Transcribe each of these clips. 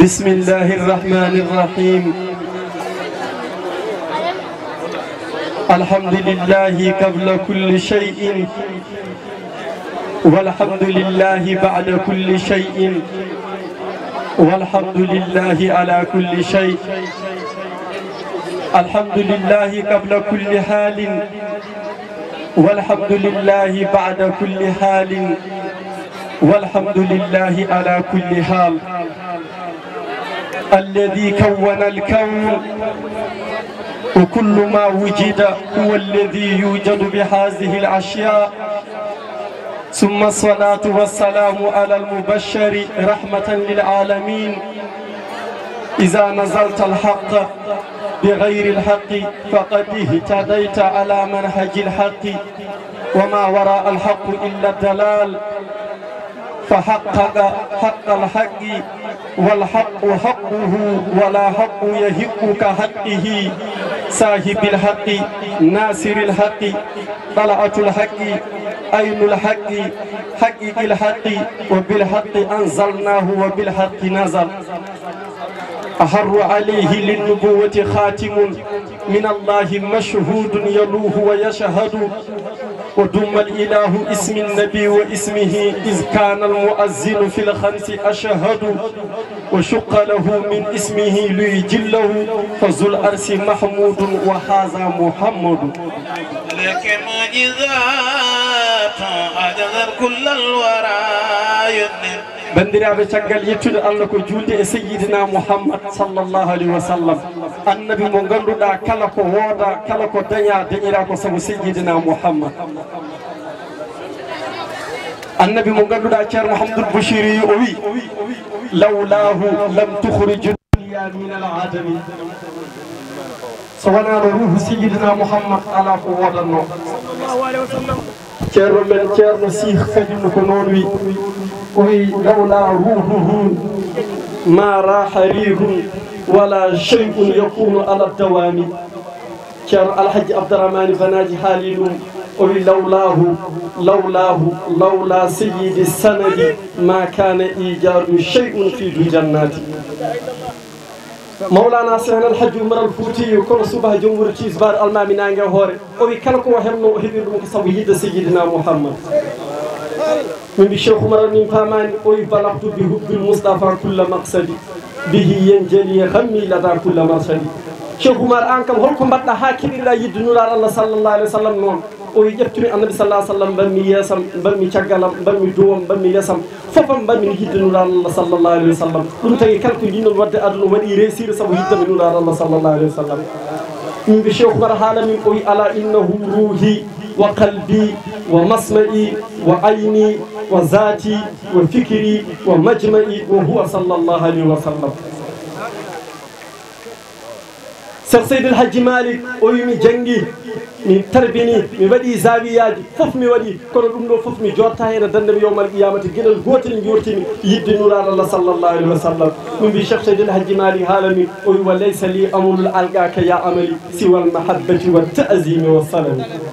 بسم الله الرحمن الرحيم الحمد لله قبل كل شيء والحمد لله بعد كل شيء والحمد لله على كل شيء الحمد لله قبل كل حال والحمد لله بعد كل حال والحمد لله على كل حال الذي كون الكون وكل ما وجد هو الذي يوجد بهذه الأشياء ثم الصلاة والسلام على المبشر رحمة للعالمين إذا نزلت الحق بغير الحق فقد اهتديت على منهج الحق وما وراء الحق إلا الدلال فحقق حق الحق والحق حق حقه ولا حق يهق كحقه صاحب الحق ناصر الحق طلعة الحق عين الحق حق الحق وبالحق أنزلناه وبالحق نزل أحر عليه للنبوة خاتم من الله مشهود يلوه ويشهد ودم الإله اسم النبي واسمه إذ كان المؤذن في الخمس أشهد وشق له من اسمه ليجله فذو الأرس محمود وهذا محمد لك معجزات أجذر كل الورى يذنب بندنا بشكل يتل الله كجولد سيدنا محمد صلى الله عليه وسلم النبي مغنر دا كلاكو ودا كلاكو دنيا دنيرا كسب سيدنا محمد النبي مغنر دا كير محمد البشيري أوي لولاه لم تخرج الدنيا من العدم سوانا روح سيدنا محمد على قوات النور صلى الله عليه وسلم كير من كير نسيخ فجم كنون وهي لولا روحهم ما راح ليهم ولا شيء يكون على الدوام كان الحج عبد الرحمن فناجي حاليلوم وهي لولاه لولاه لولا سيد السند ما كان إيجار شيء في الجنات مولانا سيحنا الحج عمر الفوتي وكل صبح جمهور تيزبار المامنانجا هوري وهي كان كوهرنو هدير مكسويد سيدنا محمد ومن شيخ عمر من فامان أي بلغت بحب المصطفى كل مقصد به ينجلي خمي لدى كل مرصد شيخ عمر أنكم هلكم بطل حاكم الله يدنور الله صلى الله عليه وسلم نوم o ƴeftumi annabi sallah sallam mbanmi yeesam mbanmi caggalam mbanmi duwam mbanmi yesam fofam mbanmi hiddanuɗar allah sallllahu alih wa sallam ɗum tagi kala ko jinnon wadde aduna waɗi réussir saabu hiddami nuɗar allah sallllahu alih wa sallam ان بشيخ برهالم قوي على انه روحي وقلبي ومسمعي وعيني وذاتي وفكري ومجمعي وهو صلى الله عليه وسلم سيد الحج مالك قوي من جنجي mi tarbini mi wadi zawiyaji fof mi wadi kono dum do fof mi jotta hen dande mi yowmal qiyamati gueɗel gotel jortimi yiddi nuran allah sallallahu alaihi wasallam mi bi mbi sayyid alhaji mali halami o wi walaysa li amul amrul ka ya amali siwal mahabbati wa taasimi wa salami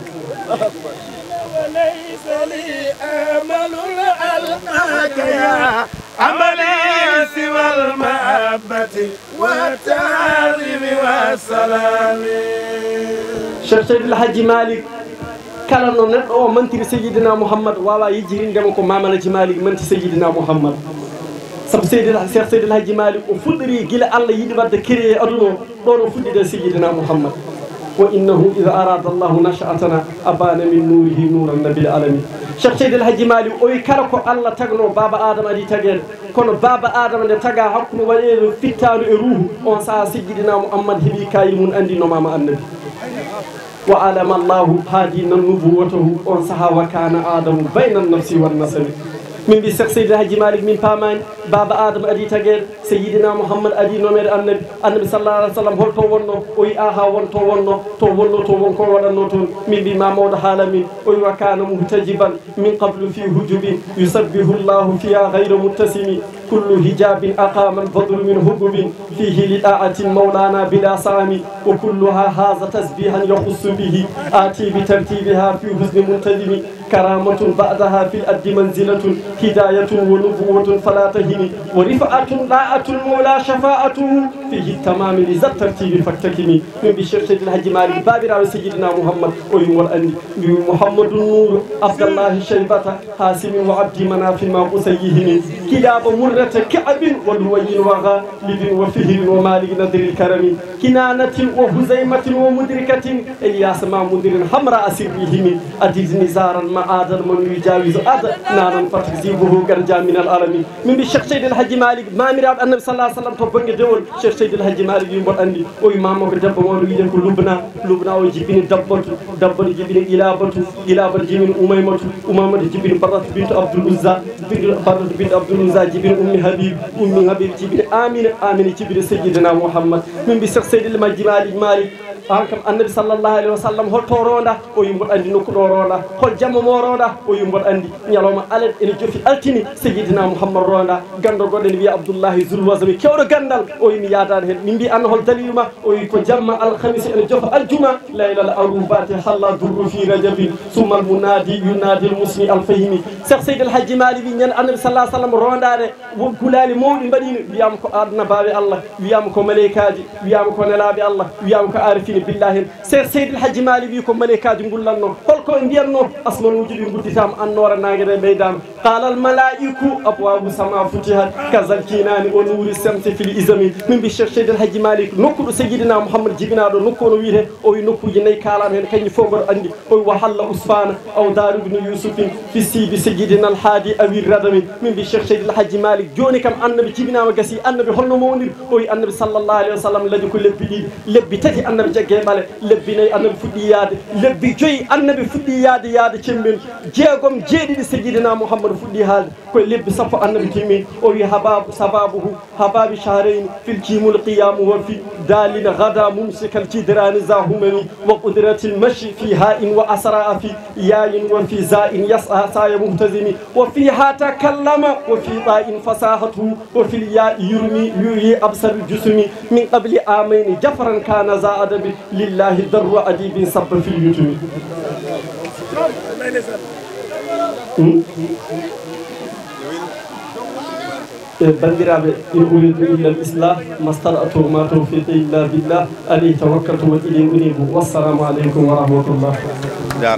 عملي سوى المحبة wa salam شيخ شيخ الحاج مالك كان نو منتي سيدنا محمد والله يجيرين دمو كو مامنا جمالك منتي سيدنا محمد سب سيد الشيخ سيد الحاج مالك وفدري جل الله يدي بعد كري ادونو دونو فدي سيدنا محمد وانه اذا اراد الله نشاتنا ابان من نوره نور النبي العالمين شيخ سيد الحاج مالك اوي كاركو الله تغنو بابا ادم ادي تاغين كون بابا ادم ده تاغا حكم وليه فيتانو روح اون سا سيدنا محمد هبي كاي مون اندي نو ماما النبي وعلم الله هادينا نبوته وانسها وكان آدم بين النفس والنسل من بيسق سيد الحج مالك من فامان باب آدم أدي تجر سيدنا محمد أدي نمر أن النبي صلى الله عليه وسلم هو تورنو أي آها ون تورنو تورنو تورن كورن نوتون من بما مود حالم أي وكان مهتجبا من قبل في هجوب يسبه الله فيها غير متسم كل هجاب أقام الفضل من هجوب فيه لطاعة مولانا بلا سامي وكلها هذا تسبيحا يخص به آتي بترتيبها في حزن منتدم كرامة بعدها في الأرض منزلة هداية ونبوة فلا تهني ورفعة لاءة المولى شفاعته فيه التمام لذا الترتيب فاكتكني من بشير سيد الحج مالي بابر على سيدنا محمد ويوم الأندي محمد النور عبد الله الشيبة حاسم وعبد مناف ما أسيهني كلاب مرة كعب والوين وغا لب وفيه ومالك نذر الكرم كنانة وهزيمة ومدركة إلياس ما مدر حمراء سرهم أدرني زارا ما مع هذا المن يجاوز أدنانا فتكذيبه كرجا من العالمين من بشيخ سيد الحج مالك ما مراد النبي صلى الله عليه وسلم تبني دول شيخ سيد الحج مالك يمبر أندي أو إمامه كدب مولو يدن كل لبنا لبنا أو ويجيبين دبنت دبن جبين إلى بنت إلى بنت جبين أمي مات أمي مات جبين برد بنت عبد العزة برد بنت عبد العزة جبين أمي حبيب أمي حبيب جبين آمين آمين جبين سيدنا محمد من بشيخ سيد الحج مالك مالك فانكم النبي صلى الله عليه وسلم هو توروندا او يمبر اندي نوكو روندا هو جامو موروندا او يمبر اندي نيالوما الين اني جوفي التيني سيدنا محمد روندا غاندو غودن بي عبد الله زلوازمي كيورو غاندال او يمي يادان هن ميمبي ان هو دليما او يكو جامما الخميس اني جوف الجمعه ليلى الاروبات حلا دور في رجب ثم المنادي ينادي المسلم الفهيمي شيخ سيد الحاج مالي أن النبي صلى الله عليه وسلم روندا و غولالي مودي بادين بيام كو ادنا بابي الله بيام كو ملائكاجي بيام كو نلابي الله بيام كو عارفين بالله سير سيد الحجمالي بيكم ملكا جنقول لنا فلكو اندينو اسم الوجود ينبوتي سام النور ناقر الميدان قال الملائكة أبواب سماء فتحت كزل كينان ونور السمس في الإزمي من بشر سيد الحجمالي نقول سيدنا محمد جبنار نقول ويره أو نقول جني كلام هن كني فمر عندي أو وحلا أصفان أو دار ابن يوسف في سي سيدنا الحادي أو الردم من بشر سيد الحجمالي جوني كم أن بجبنار وكسي أن بحلم مونير أو أن بصلى الله عليه وسلم لدي كل بدي لبتدي أن بجك gueɓal lebbi nayyi annabi fuɗɗi yaade lebbi joyyi annabi fuɗɗi yaade yaade cemmin jeegom jeeɗiɗi sejidina mouhammadou fuɗɗi haalde koye lebbi sappo annabi timmin o wi hababu sababuhu hababi chahrayni fil jimul qiyamu won fi dalina gada mumsikal jidrani zahumani wa qudratil mashi fi ha in wa asraa fi yayin won fi za in yasa saya muhtasimi wa fi ha takallama wa fi ɗa in fasahatuhu wa fil ya yurmi yuri absaru jusumi min qabli amaini jafaran kana za adabi لله درو ادي بن صب في اليوتيوب بندرابي يقول الا الاصلاح ما استرأت الا بالله علي توكلت واليه انيب والسلام عليكم ورحمه الله